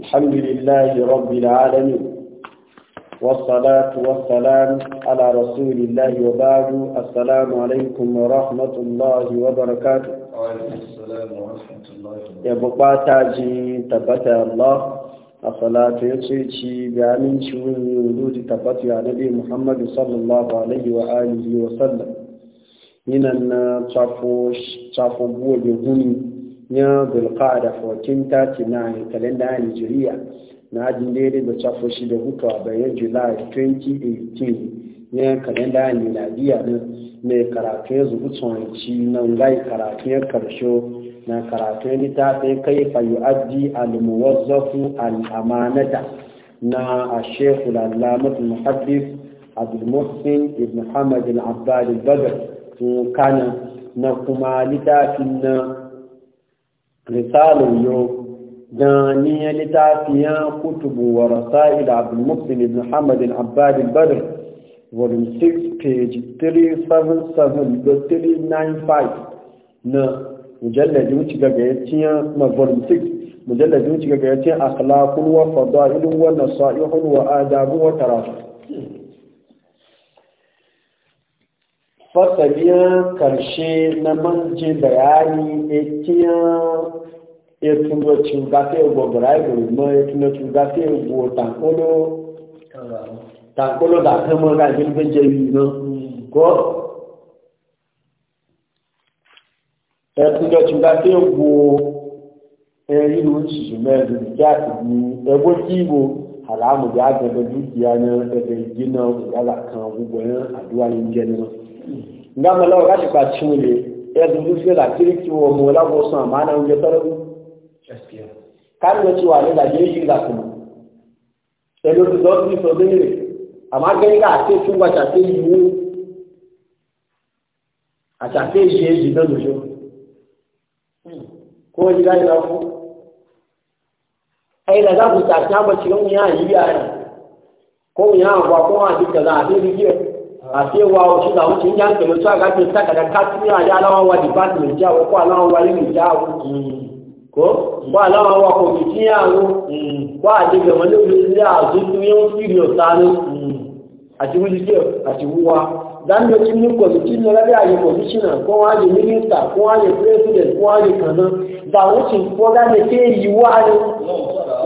الحمد لله رب العالمين والصلاة والسلام على رسول الله وبعد السلام عليكم ورحمة الله وبركاته وعليكم السلام ورحمة الله يا بقاتاجي تبتع الله الصلاة يسيتي بأمين شوين تبت يا نبي محمد صلى الله عليه وآله وسلم من أن تفوش تعفو بوه ya bulqada 1439 kalenda nigeria na ajin daidai da chafo shi da hutu a bayan july 2018 ya kalenda nigeria na mai karatu ya zubu tsohonci na ngai karatu ya karshe na karatu ya littafi kai fayu addi al-muwazzafu al-amanata na a shekul lalamatu muhaddis muhsin ibn hamad al-abbad al-badr kana na kuma littafin na رسالة اليوم دانية لتعفيان كتب ورسائل عبد المحسن بن محمد العباد البدر ورم 6 بيج 377 ل 395 ن مجلد وجيكا جايتيا ما فولم 6 مجلد وجيكا جايتيا اخلاق وفضائل ونصائح واداب وتراث fasalin karshe na manji bayani etiyan etuno cingafe ugbo braibu mo etuno cingafe ugbo tankolo tankolo da kan mo ga jin benje yi no ko etuno cingafe ugbo eri eh, lu ci medu ja ni ebo jibo alamu ja ga da dukiya na da jina ga kan ugbo yan aduwa yin jeni ngama lawo gashi ba cimu ne ya zuzu sai da que wa mola ko sun amana wanda ta rabu gaskiya kan da cewa ne da que da kuma sai da su zofi so dinne amma gani ga sai sun gwata sai yiwu a tafe do da zuzu ko ji gani da ku ai da za ku ta ta ba cikin ya yi yaran ko ya ba ko a duka za a bi a ce wa shi da wucin ya ke mutu a gaji saka da kasmiya ya alawa wa department ya ko alawa wa yin ya ko ko alawa wa committee ya ko a ji ga wani wuri ya zuwa yin studio sanu a ti wuli ke a ti wuwa dan da cin yin committee na rabi a yi commissioner ko wa ji minister ko wa ji president ko wa ji kaza da wucin ko da ne ke yi wa ne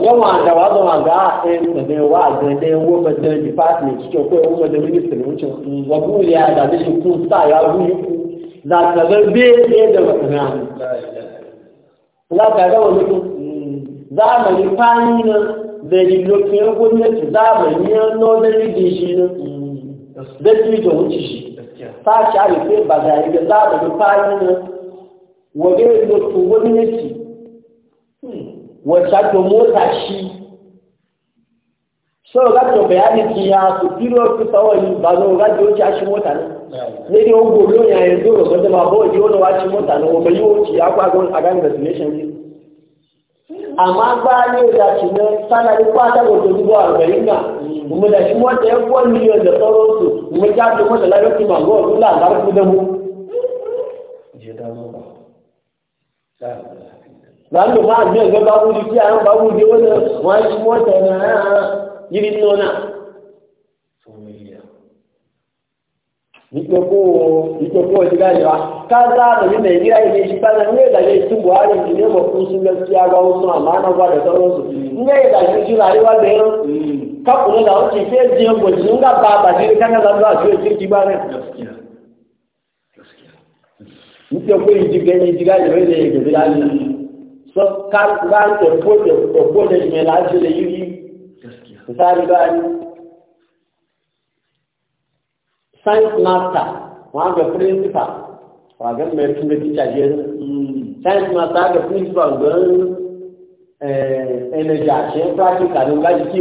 yawa da wazo ma ga ɗayan da zai wa ga ɗayan woman da department cikin kawai woman da ministry wucin wa buriya da da shi kun sa ya ku za ka ga be ɗaya da masana za ka ga wani ku zamani fani na da lokacin gwamnati zamani ya nodar rigin shi na da da wuce shi ta ba da yi fani na wa ga gwamnati wacce to mota shi So ga to bayanin ki ya su tiro su tsawon ba no ga to wuce shi mota ne ne dai go lo ya yi zo ga ba ba no wa wace mota ne wani yi wuce ya kwa go aga ni destination ni amma ba ne da shi ne sana ta go da go a arba'in na mu da shi mota ya ni yo da toro su mu ja da mota lafiyar ki ma go la la ku da mu. Je da mu ba. báńdò máa gbé ẹgbẹ́ bá wúdi tí àwọn bá wúdi wọn lọ wọn á yíwọ́ tẹ̀lé náà yíbi nínú náà. ìpèkó ìpèkó ìdílé àyíká káńtà àtẹ̀lé nàìjíríà ilé ìṣúká náà ní ìdàgbé tí buhari ti ní fún sí ọ̀sán ní àríwá bẹ̀rẹ̀ làwọn ti fẹ́ di bá àti rẹ̀. só ka gani da o da kode mai laji da yiri misali gani science master wa ga principal wa ga mai de da teacher je science master ga principal ga eh energy não practical ga não ga dano ga ji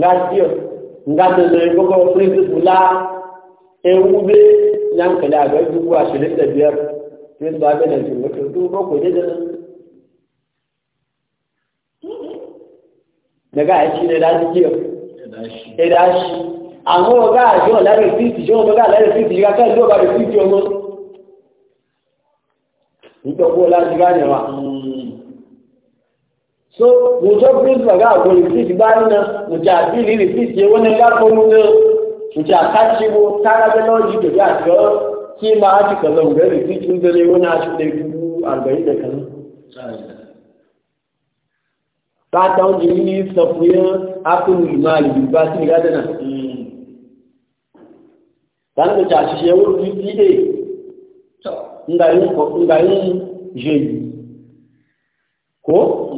ga dano ga go principal la ewube yan da ga dubu ashirin da biyar tun ba ga nan tun mutum tun ba ku da nan daga a shi ne da shi ke da shi àwọn ọ̀gá àjọ ọ̀lẹ́rẹ̀ fíìtì jọ ọ̀gá ọ̀lẹ́rẹ̀ fíìtì yíká kẹ́ ló bá rẹ̀ fíìtì ọmọ ìtọ́kú ọlájúgá nìwà so mo jọ fíìtì ọ̀gá àgbọ̀n rẹ̀ fíìtì bá nínú mo jà bí rí rẹ̀ fíìtì ewé ní lápọ̀ nínú nti akatibo tarabe loji da ya ga kima a cika zan gari cikin dare wani a cikin arba'in da kan ta ta wani yi safiya akun limali bi ba su riga da nan dan da ta shi yawon jiki ne ko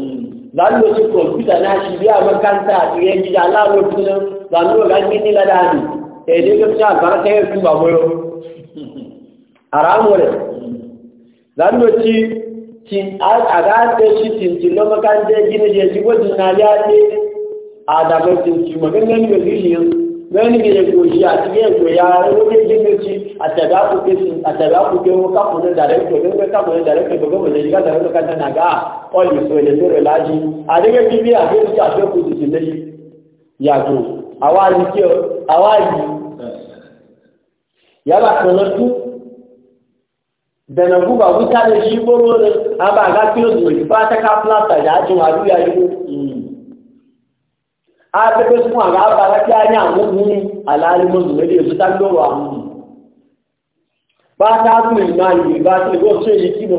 dan da kwamfuta na shi biya makanta a cikin gida alawar tunan zanuwa ga gini ladani sai eh, dai gaskiya ba ta yi su ba moyo haramu ne tin aga gasa shi tin tin lo makan da gina je shi gwajin na ya ce a da tin ci maganin ne ga shi yin gani ne ko shi a cikin ko ya wani gina ci a ta ga ku ke sin a ta ga ku ke ko ka ku da dare ko ne ka ku ne dare ko da ga ka ga so so laji a ta ko ku ya àwa ni kí ọ àwa yìí yàrá kan lọ tú dẹ̀nàbú bá wíta lè ṣí gbóró rẹ̀ àbá àgá kí ó dùn ìbá tẹ́ká pláta ìdájú àdúyà yìí hmm. a tẹ́kẹ́ fún àgá bára kí a ní àwọn ohun aláàrímọ̀lù mẹ́lẹ̀ èso tágbọ́rọ̀ àwọn ohun bá bá tẹ́lẹ̀ bó ṣe yìí kí mo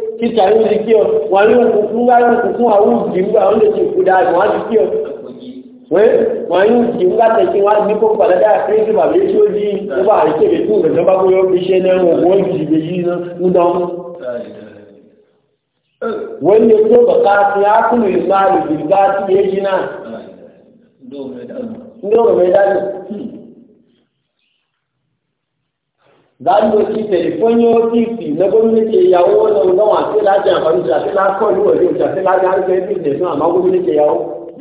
títà yóò di kí ọ wọn yóò kú fún yóò fún àwọn òjì wọn lè ti kú wọn di kí ọ wọn wọn yóò jì nígbà wọn ní kó padà dáa pé kí bàbá yóò tí ó di nígbà àríkè lè tún bá bóyá fi ṣe náà wọn wọn jì lè yí ń dán. wọn ákùnrin ìgbà ti náà. ni. za mu ɗauki telefoni ofisi na gwamnati yawo nan gawa sai lafiya faru ta sai lafiya kawai wani wata sai lafiya har sai bin da suna amma gwamnati yawo.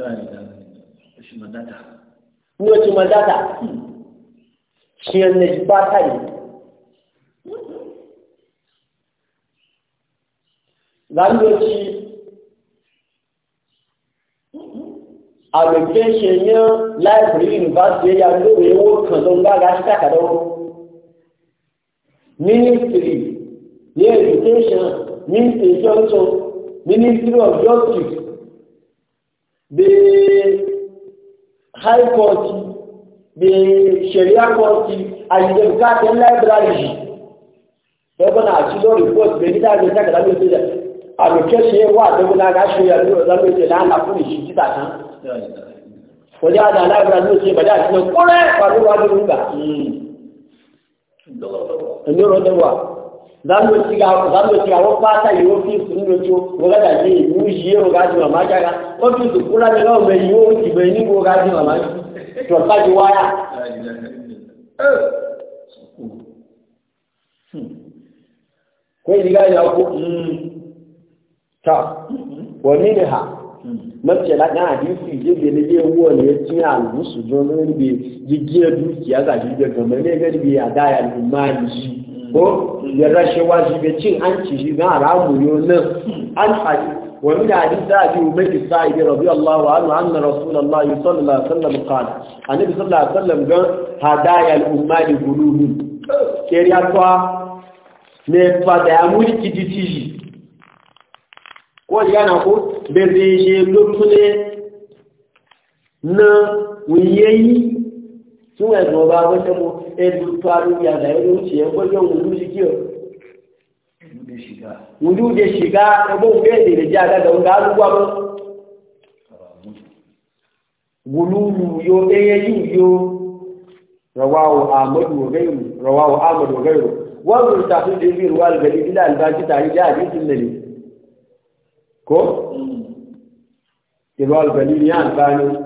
Ni wace mandata? Shi yan na ji ba ta yi. Za mu ɗauki a rikin shi yin library university ya zo da yawo kan zon gaga shi takadau ministry ní education ministry johnson ministry of justice the high court the sharia court àyẹ̀dẹ̀ká tẹ̀ library tẹ́gbọ́n náà àti lọ́ọ̀ report bẹ̀rẹ̀ nígbà tí ẹ̀ka kàdá lóṣèlú àlùkẹ́ṣe wà tẹ́gbọ́n náà aṣọ ìyá lórí ọ̀dọ́ lóṣèlú láàlá fún ìṣí títà kan kọjá àdá library lóṣèlú ìbàdí àti lọ́ọ̀ kọ́rẹ́ pàdé wájú nígbà. ẹ̀mí ọ̀rọ̀ wà dáàbò tí àwọn pátá ìwó fíìsì ń lójú wọ́gádà yé ìlú yìí ó gájú màmá jára wọ́n fi ìsìnkú láti lọ́wọ́ mẹ ìwó ó ti bẹ̀rẹ̀ nígbò gájú màmá tọ̀sájú wáyà. kó ìdígáyà ha. mọ́tíẹ̀lá kan àdínkù ìjẹ́bi eléyé owó ọ̀lẹ́ tí àlùsù jọ lórí bí jíjí ẹbí kì á gàdí ìjẹ gàmọ́ ilé ẹgbẹ́ níbi àdáyà ló máa yìí ó yẹra ṣe wá sí ibi tí à ń tì sí náà yóò náà Wan jan akot, bepeje, blok pune, nan, unyeyi, sou e zonba, wèche moun, e dout paru, ya zayon, chen, wèche moun, oudou si kyo? Oudou de shiga. Oudou de shiga, e pou mwende, de jadade, wou kwa moun? Wou. Wou loulou, yo, eye, yin, yo, rawa wou amon, wou genyo, rawa wou amon, wou genyo. Wan mwen stakoun de mi, wou alvele, ilal, banjita, yi jad, yi timnele. ko رواه البليل يعني ثاني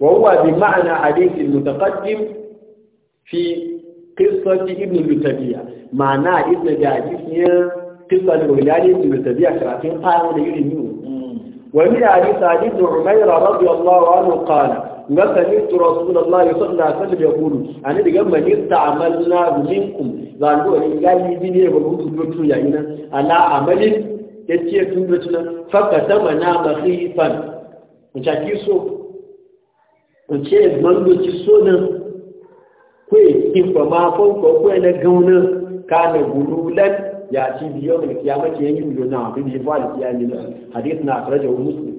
وهو بمعنى حديث المتقدم في قصة ابن المتبيع معنى ابن جاجسيا قصة الولاد ابن المتبيع شرعتين قائمة ليلمين ومن حديث علي بن عمير رضي الله عنه قال وسمعت رسول الله صلى الله عليه وسلم يقول أنا بجمع استعملنا منكم لأنه قال لي بني وقلت له يعينا على عمل ya ce tun da tunan faka dama na makhifan in so ce mandoci so kwe kimfa mafon ko na gauna ka da gululan ya ci biyo mai kiyamaci yanyi biyo na da ya da kiyami na hadith na akirajar muslim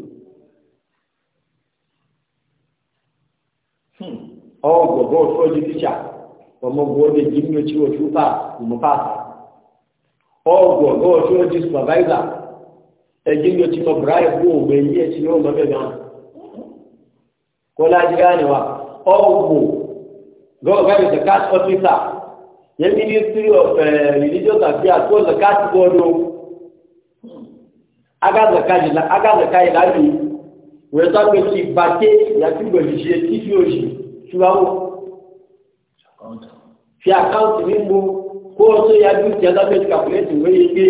ọ gbogbo soji tíṣà ọmọ gbogbo gbogbo supervisor ẹjẹ yóò ti mọ bíráyà kó ògbẹ yí ẹtì yóò mọ bẹbẹ hàn kọlá jíga ni wa ọgbò gọgọgàdì zakat ọfíìsà yẹn ministry of eh, religious affairs kó zakat bọọdù aga zakat yìí aga zakat yìí lábì wọ́n sọ pé kí bàtẹ yàtí gbòòlì ṣe títí òṣì ṣùgbọ́n fi àkáǹtì mímú kó o tó yájú jẹ́ lábẹ́ kàkúlẹ́tì wọ́n yé gbé.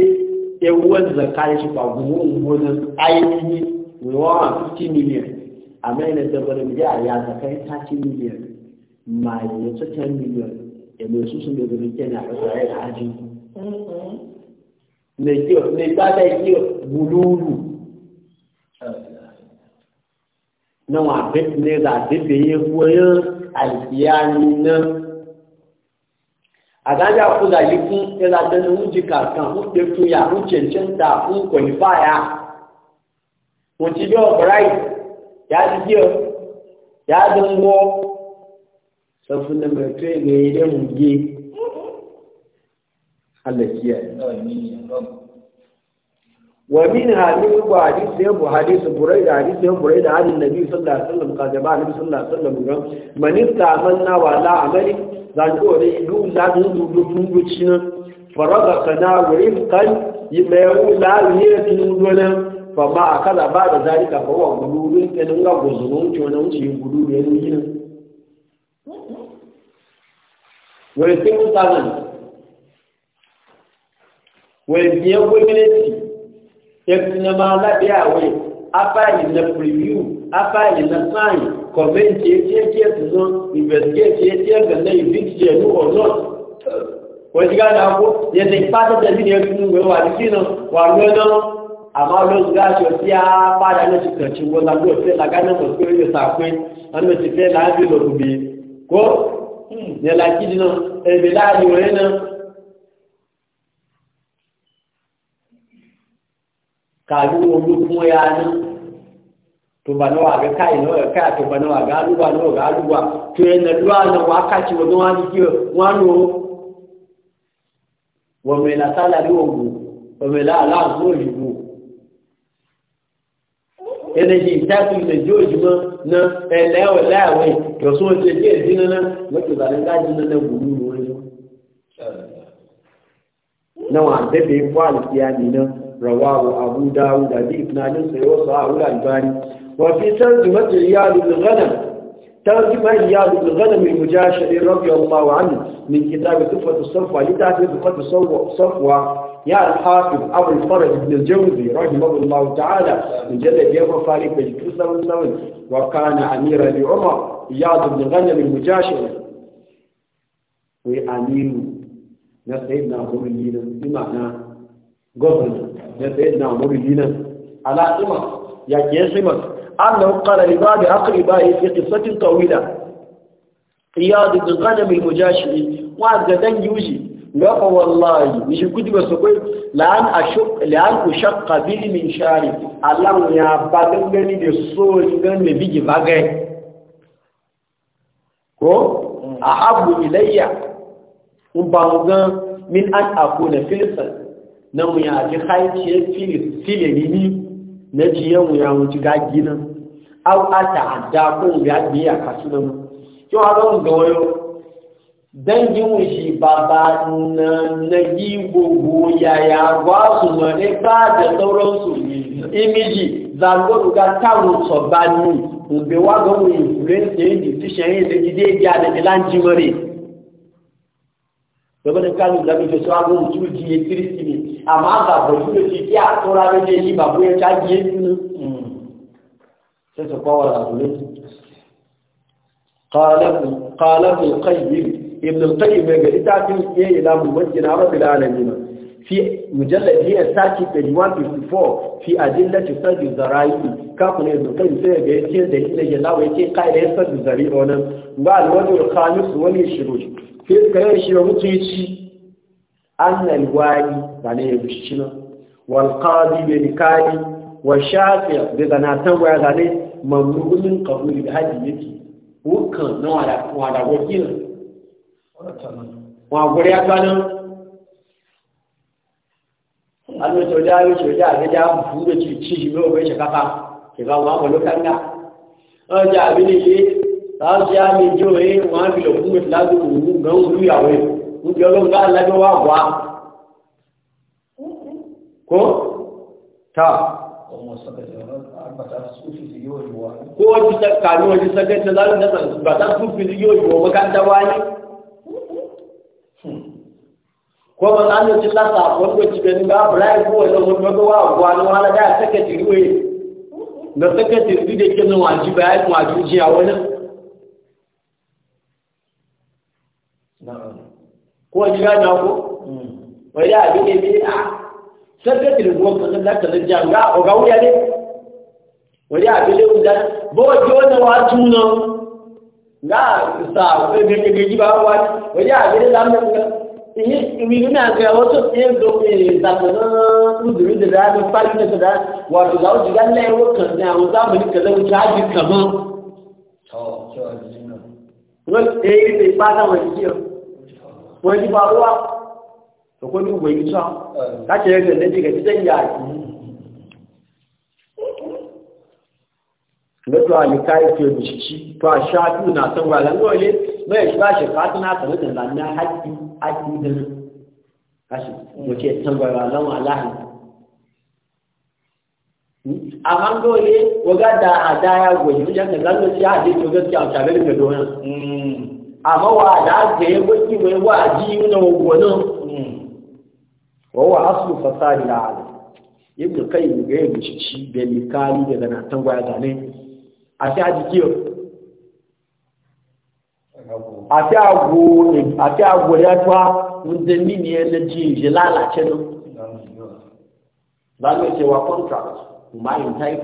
ewuwan zaka ya shi kwagumu ungunan ainihi ruwa 50 miliyan a mai na dabarin da ya zakai 30 miliyan ma yi su 10 miliyan ya mai su sun daga rike na kasa ya haji ne ta da yi bululu na wa ne za a dabe yi alkiyani na àgájá fúnra yìí fún ẹlàdẹnu ń di kàkan ń pè fún yà ń chẹ̀ǹchẹ̀ ta ń kò ní fàyà kò ti bí ọ̀pọ̀ra yìí yà á di díẹ̀ yà á di ń wọ́ sọ ní ومن هذه الحديث حديثهم وحديث بريدة حديثهم بريدة عن النبي صلى الله عليه وسلم قال جماعة النبي صلى الله عليه وسلم قال من استعملنا ولا عمل ذنبه ريدو لا ذنبه ذنبه فرزقنا ورزقا يما يقول لا يتنودنا فما أخذ بعد ذلك فهو غلول كان لا غزنون كان وجه غلول ينجينا ويتم تعلم ويتم تعلم Teknama labiawe, after in the preview, after in the sign, comment ATS is not, investigate ATS and then you fix the new or not. Wọ́n ti gáàdà kó, yẹ ti pàtàkì sí ní ẹkùn ìwé wà ní sínú wà lọ́nà àmá olóògùn gáàsì ọ̀tí á pàdà náà ti kàn tí wọ́n lágbó ọ̀fẹ́ làgánà mọ̀ pé orílẹ̀ sàpín, wọ́n ló ti fẹ́ láàbí lọ́gbùgbé. Kó, hmm, yẹ làkídì náà, ẹ̀bẹ̀ láàrin òun náà, kalu omi kuma ya ni tuba na waga kai na waga kai tuba na waga aluwa na waga aluwa to na luwa na waka ci wajen wani kiyo wani wa mai na sala ni ogu la ala zuwa jibu yana ji ta fi na jiwa jima na ẹlẹ́wọ̀ láàwẹ̀ yọ sún ọjọ́ díẹ̀ dínà náà mọ́tò ìbàdàn dájú náà náà wùlú lórí náà wọn àbẹ́bẹ̀ fún àlùfíà رواه أبو داود أبي بإثنان سيوصى الألباني وفي ترجمة عيال بن غنم ترجمة عيال بن غنم المجاشر رضي الله عنه من كتاب صفة الصفوة لتعرف صفة الصفوة يا الحافظ أبو الفرج بن الجوزي رحمه الله تعالى من مجلد يوم فارق بجكسر وكان أميرا لعمر عيال بن غنم المجاشر وأمير na sayyidina Abu Bakr bima'ana governor na sayyidina umar dinan ala ima ya ke sima annahu qala li ba'd aqribai fi qissatin tawila iyad bin ghanam al mujashi wa ga dan yuji ga fa wallahi ni shi gudi ba sokoi la'an ashq la'an ushaqqa bil min shari allah ya ba gani da so gan ne bigi bagai ko ahabu ilayya ubangan min an akuna filsan na mu ya ji haiciyar filini ni na jiyan mu ya wuce gagi nan au a ta'adda ko ya biya kasu mu. yau a zan ga wayo dangin wuce baba na na yi gogo yaya gwa su mare ba da sauransu imiji zangon ga tawon sọba ni mgbe wa gọwọ influence yin decision yin legide ya da ilan jimare gaba da kanu da mijo sọ agbọn mutu jiye kiristi ne amma ga bugu da shi da ke yi ba ko ya tage ni sai su kawo da su qala qala ibn al-qayyib ta ce ya da mun wajin na rabbil alamin fi mujallad hiya saki 154 fi adilla tusaddu zara'i ka ku ne da kai sai ga yake da yake ya lawa yake kai da yasaddu zari'i wannan ba al-wadu al-khamis wani shiruji fi kai shi mutunci annal wali zane ya gushi cina wal qadi bil wa shafi da zana tawaya zane mamnu'un qabuli da haji yake hukan na wada wada wakil ya kana alo soja yo soja ga ja fu da ci ci shi go bai shaka ke ba wa bolo kanga o ja bi ni shi ta ja mi jo e eh, wa bi lo fu mi la du ga u ya we wa ko ta ko wani kanu wani sakai ta zarin nasa ba ta sufi yiwo yiwo makanta wani ko ba ta mu ci lasa wani wacce gani ba brian ko wani wani wani wa gwani wani da ya saka tirwe na saka tirwe da ke nan waji ba ya yi waji jiya wani ko wani gani ko hmm. wani abin bi ya sẹ́kẹ̀tì lè wọ́n kan láti lè jẹ́ àgbà ọ̀gá ó yẹlé wọ́n yá àgbélé ó dá bọ́ọ̀dì ó náà wá tún náà náà ìsà ẹgbẹ̀gbẹ̀ ne bá wá wọ́n yá àgbélé lámẹ́kẹ́ ìyí ìwìrì náà gbé ọwọ́ tó fi ń lo ìdàgbọ̀n lóbìnrin dèdè àti pálí ní dèdè wà tó láwọn jìgá lẹ́wọ́ kan ní àwọn sáàmù ní kẹlẹ́ ojú ájì ne mọ́. wọ́n ti ṣe é ìpá náà wọ́n ti ṣe é wọ́n ti bá ko ni yi sa eh, ka ce e e hmm? ga ne ga cikin yaki na to ali kai ke to hmm. a sha na san wala ngole mai shi shi ka tuna ta da nan na haƙi haƙi da kashi mu san amma ngole waga da adaya goyi wajen da zan ci a dai gaskiya a tare da donan amma wa da ke yi goki mai wa ji na gonan wa huwa aslu fasadi al-alam ibn qayyim ga yin shi daga na tangwaya zane a a agwo a agwo ya tuwa wanda ya na lalace nan contract kuma in type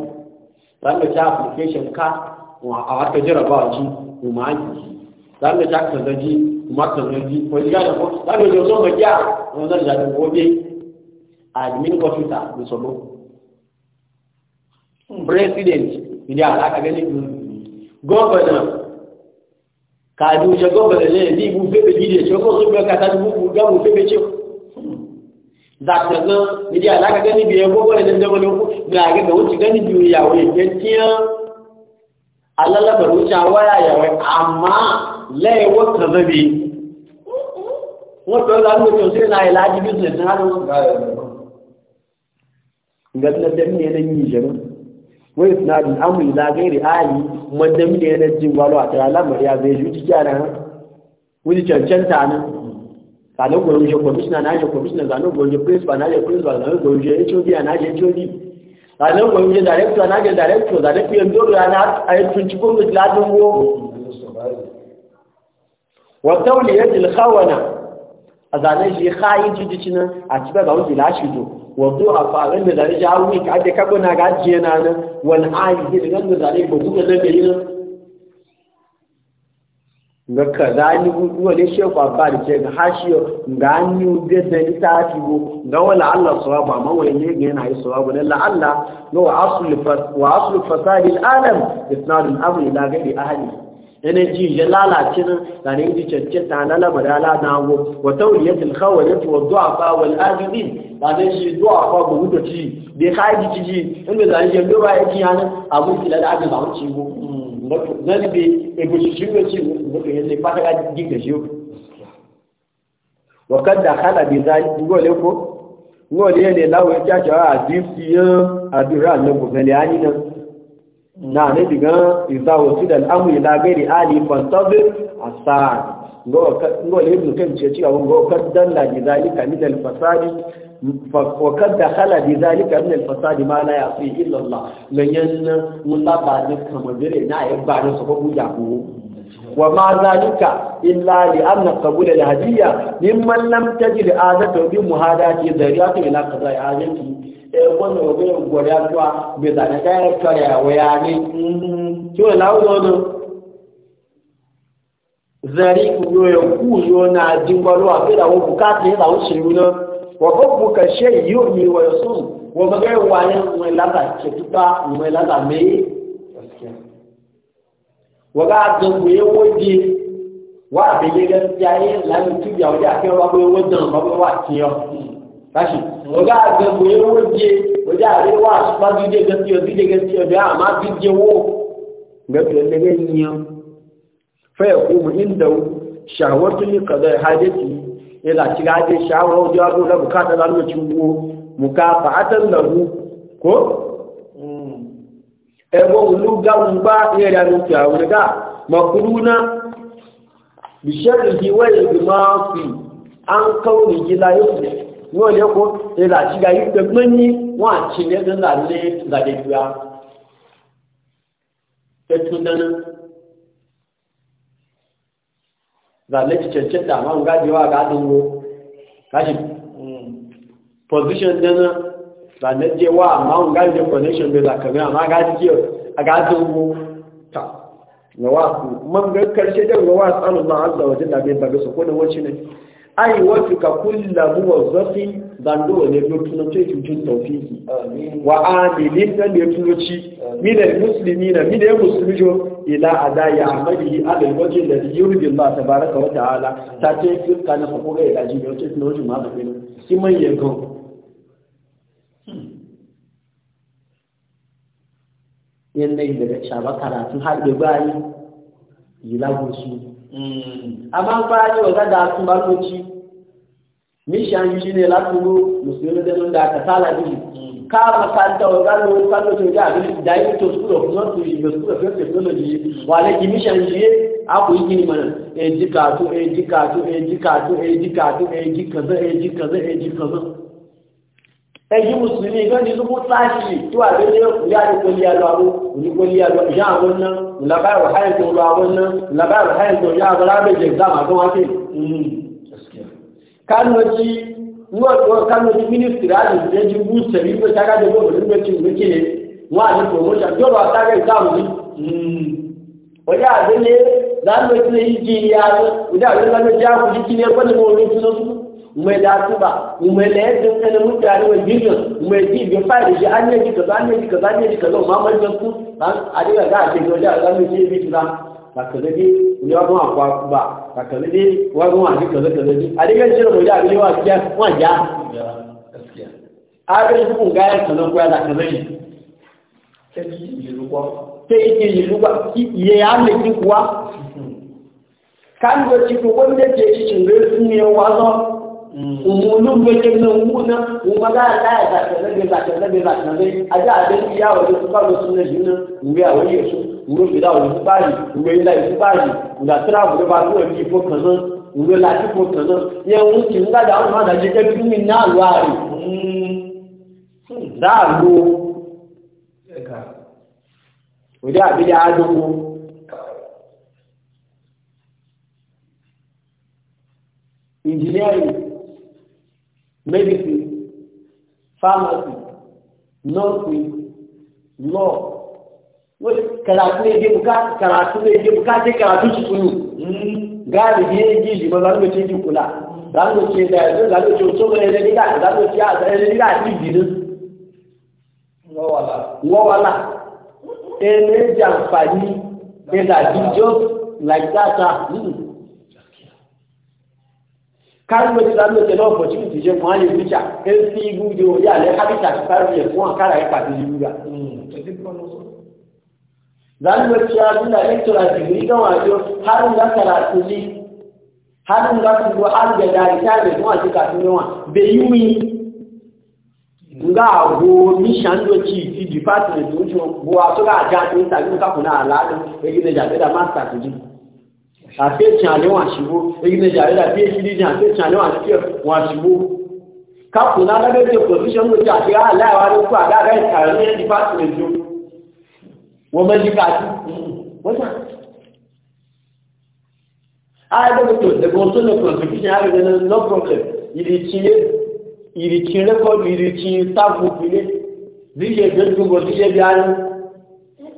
application a wata jirabawa ji kuma an zame ta kan daji kuma kan daji ko diga da ko zame yo so maja wannan da da gobe admin officer ni so lo president idan aka gani governor kàdù ìṣẹ́gọ́ bẹ̀rẹ̀ lẹ́yìn ní ìbú pépè jíde ṣọ́kọ́ tó bẹ́ kàtà ní gbogbo gbàmù pépè tí ó dàtẹ̀gán ìdí alágagẹ́ níbi ẹgbọ́gbọ́ ẹ̀dẹ́gbẹ́lógún ní àgẹ́gbẹ̀ ó ti gẹ́ níbi ìyàwó ìgbẹ́ tí ó Allah da wuce waya ya wai amma laiwa ka zabe wato da mu to sai na ilaji business na da ganna da ne da yi jama wai isnadin amru ila gairi ali madam ne na jin walo a tara lamar ya zai ji jana wuri cancanta ne kana gurin shi commissioner na shi commissioner zanen gurin shi principal na shi principal zanen gurin shi HOD na shi HOD ranar gwamnati director na ga director da dafi yanzu rana a yi tunci gwamnati latin wo wata wuliyar ilhawana a zanen shi hayin jijicina a cibar da wuce lashi do wato a farin da zane shi hawi ka ake kakuna gajiya na nan wani ayi da zane ba kuma zane yi nan ga kaza ni ne shi kwa ba da ke ga hashiyo ga ni da da ni ta ci go ga wala Allah ba ma wai ne ga yana yi sawaba ne la Allah no asl wa asl fasadi alam isnad al-amr ila ghairi ahli ene ji ya lalace nan da ne ji cece ta na da la na go wa tawliyat al-khawajat wa du'afa wal abidin ba ne shi du'afa go wuta ci bai kai ji ji inda da ne ba yake yana abu kila da abin ba ci go nani bi eh, shi ne ci ne pata ga shi jiyo wa da dakhala bi za zali ngole ko ngole ne lawo ya ja a difiyo adura ne ko ne ani na na ne diga idza wasida al-amru ila ghairi ali fantabir asan ngole ibn kan ce ci ga ngole kad dalla bi zalika min al-fasadi fakokar da hala bi zalika min al-fasadi ma la fi illa Allah ganyen mulla ba ne kamar dire na ya ba ne sako buja ko wa ma zalika illa li anna qabula al-hadiyya mimman lam tajid adatu bi muhadati zariyatu ila qada'i ajati e wanda wabe goriya tuwa be da kayan kai kare waya ne to lawo do zari ku yo ku yo na dingwalo a kira wo bukati da wo shiru na وحبك الشيء يؤمن ويصوم وبغير وعين ملاذا كتبا ملاذا مي وقعد زنبوية ودي وعبي لغاية لأن تبيا ودي أكيد وابي ودن بابي واتيا فاشي وقعد زنبوية ودي ودي أبي واش فاضي دي غتيا دي غتيا دي أما بيجي وو غتيا لغاية فيقوم عنده شهوة لقضاء حاجته ya za ci gaje shawara wajen wajen da bukata da lokacin go mukafa atan da hu ko mm. ebo ulu ga ba ya da nuki a wuri ga makuluna bisharrihi wa yadmafi an kauni gila yusu no ne ko ya za ci gaje da manni wa ne da lalle da da zane ki cancanta amma jiwa ga dungo kashi mm, position din zane jewa amma gaje connection da zakami amma gaji ke a dungo ta na wasu man ga karshe da ga wasu tsarin na azza wajen da bai baga su ko da wacce ne ai wasu ka kullu muwa zafi zandowa ne biyo tunan ce cikin taufiki wa amini nan ne tunoci minal musulmi na minal musulmi jo ila ada ya amali alal waje da ta bara tabaraka wa ta'ala ta ce fuska na fako ga ilaji ne wace tunoci ma ba kenan shi man yadda yi daga shaba karatu har da bayi yi lagosu mm. amma fara yi wa da sun ba mission yi ne laturu musulmi da nun da ka sala biyu ka masanta wa gano kallo to da abin da yi to school of not to the school of technology ki mission a ku yi ni mana e eh, jika to e eh, jika to e eh, jika to e jika to e jika za yi musulmi ga ni zubu to a dai ya kanoci nuwatsuwar kanoci ministry a da zai ji busa yi ko shaka da gobe duk da cin muke ne wa da promotion to ba ta kai samu ni wajen abin ne za mu ci yi ji ya zo da ja ku ji ne ko da mu ne su mai da su ba mai da yadda kana mutane wa billion mai ji bi fa da an ne ji kaza an ne ji kaza an ne ji kaza ma mai da su a dinga ga a ce ga da ji bi kàkàlẹ́dé ìyọ́gbọ́n àpapà kàkàlẹ́dé wọ́gbọ́n àti kàlẹ́kàlẹ́dé adékẹ́sẹ́rẹ̀ mọ̀ ìdáàbí wà jẹ́ wọ́n já ábẹ́rẹ́ fún gáyẹ̀ kan náà kúrẹ́ lákàlẹ́yìn tẹ́yìn ìlúgbà kí iye àmì kíkúwá káàkiri cikin wanda ke cikin rẹ̀ fún ne wazọ́ umarnin bakin nan muna umarna a ɗaya zakararre zakararre zakararre a ji abin iya wajen su ba da suna jini wuri a wani yasu wuro fi da wuro fi bayi wuro yi lai fi bayi nga tira wuro ba wuro fi fo kan nan wuro la fi fo kan nan yẹ ń ti ń gbàdá wọn máa dájú kẹbi mi ní àlọ hmm. hmm. medicine pharmacy nursing law. karatu ne je buka karatu ne je buka je karatu su kunu galibi ne ji ji ba za mu ce ji kula za mu ce da yanzu za mu ce so ba da diga za mu ce a da ne ji wawala wawala e ne amfani da ji like that ah kárùn méjì lábẹ́ òtẹ́ náà bọ̀jú ti jẹ́ fún àyè ìrìjà ẹ̀ ń fi ibú jẹ́ òyà lẹ́ hábítà ti sáré yẹ fún àkàrà ẹ̀ pàdé ìlú rà. zan wacce ya tuna lectura digiri ga wajo har in ga karatu ji har in ga su go har ga da ita da kuma ji ka tuna wa be yumi nga go mi shando chi ti department do jo go a to ga ja to ta ni ka kuna ala do e gine ja da master ti ji a pe chan le wa shibo e gine ja da phd jan pe chan le wa ti wa shibo ka kuna da be position do ja ti ala wa ni ku aga ga ta ni department do wọ́n máa ń yíká wọ́n sàn. ayélujára ẹ̀gbọ́n tó lè prosecution ayélujára no problem ìrìtì ìrìtì rẹ́kọ̀dù ìrìtì táàbù ìpínlẹ̀ bí ṣe gbẹ́gbẹ́gbọ́ bí ṣe bí ayọ́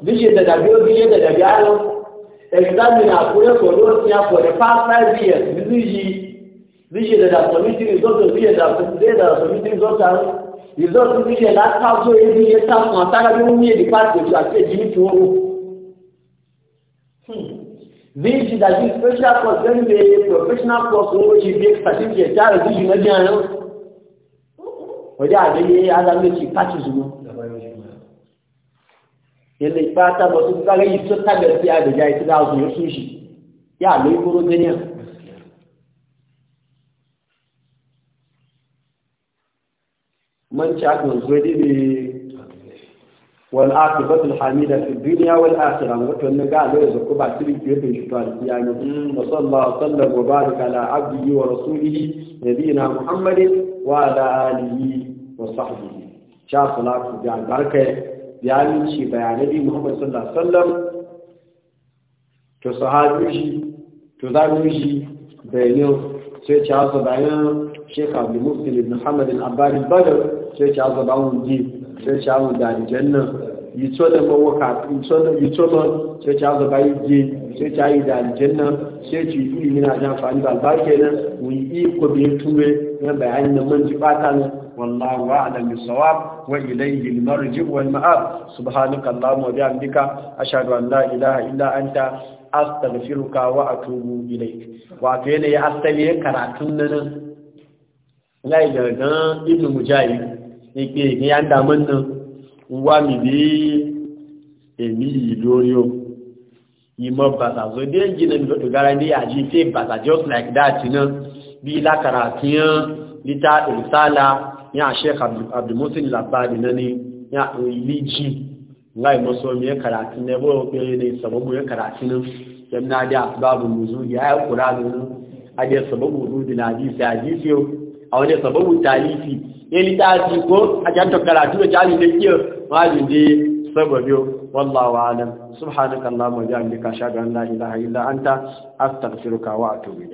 bí ṣe dàdàbí ó bí ṣe dàdàbí ayọ́ examine àkúrẹ́ pẹ̀lú òsì àpọ̀lẹ̀ past bí ṣe dàdàbí result bí ṣe dàdàbí result ìlọ́ọ̀tún bí ṣe látàzó ebi yẹn sàkùn àtàrà bí wọ́n ní èdè pàṣẹ ìjọ àti èjì ní tiwọn o. This is a special course then the professional course owó ṣe bí certificate tí a rẹ̀ bí jùlọ jẹ́ àrùn. Ọjọ́ àgbẹ̀yẹ alámẹ́sì pàṣẹ ṣùgbọ́n. Yẹlẹ ìpá tábọ̀ tó kára yìí tó tábẹ̀ sí àgbẹ̀já ìtura ọ̀sùn yóò ṣùṣì. Yá àlọ́ ìgbóró dẹ́nìyàn. من شاء نزولي والعاقبة الحميدة في الدنيا والآخرة وكأنه قال له زكو بعد سبيل في يبن شطان يعني وصلى الله وسلم وبارك على عبده ورسوله نبينا محمد وعلى آله وصحبه شاء صلاة جعل بركة يعني شي بيان نبي محمد صلى الله عليه وسلم كصحابي تزامي بينه سيد عاصم بيان شيخ عبد المحسن بن محمد العباري البدر sai ci azaba hun ji sai ci azaba da nan yi tso da mawaka yi tso da sai ci azaba yi ji sai ci ayi da nan sai ci yi yana jan fani ba ba kenan mun yi ko bi tuwe na bayanin da mun ji bata ne wallahu a'lam sawab wa ilayhi al-marji wal ma'ab subhanaka allahumma wa bihamdika ashhadu an la ilaha illa anta astaghfiruka wa atubu ilayk wato yana ya asali karatun nan lai da gan ibnu mujahid pé èmi á ń da mọ́nà ń wá mi dé èmi yìí lórí o ìmọ̀ bàtà so dé ń jìnà nígbà tó gara dé àjí ṣe bàtà just like that iná bí lákàrà tí ń lítà ìrìsálà ní àṣẹ abdulmusin labari náà ní ìlíjì láì mọ́ sọ mi ẹ kàràtì náà bọ́ pé ní ìsọ̀bọ̀bù ẹ kàràtì náà yẹmí náà dé àtúbàbù nùzúlì ayọkùnrin àdé sọ̀bọ̀bù rúdì náà àjíṣe ya ta ji ko a jantar karatu da jami da kiyar majin je sababiyo wallahu alam subhanakallahumma wa bihamdika ashhadu an la ilaha illa anta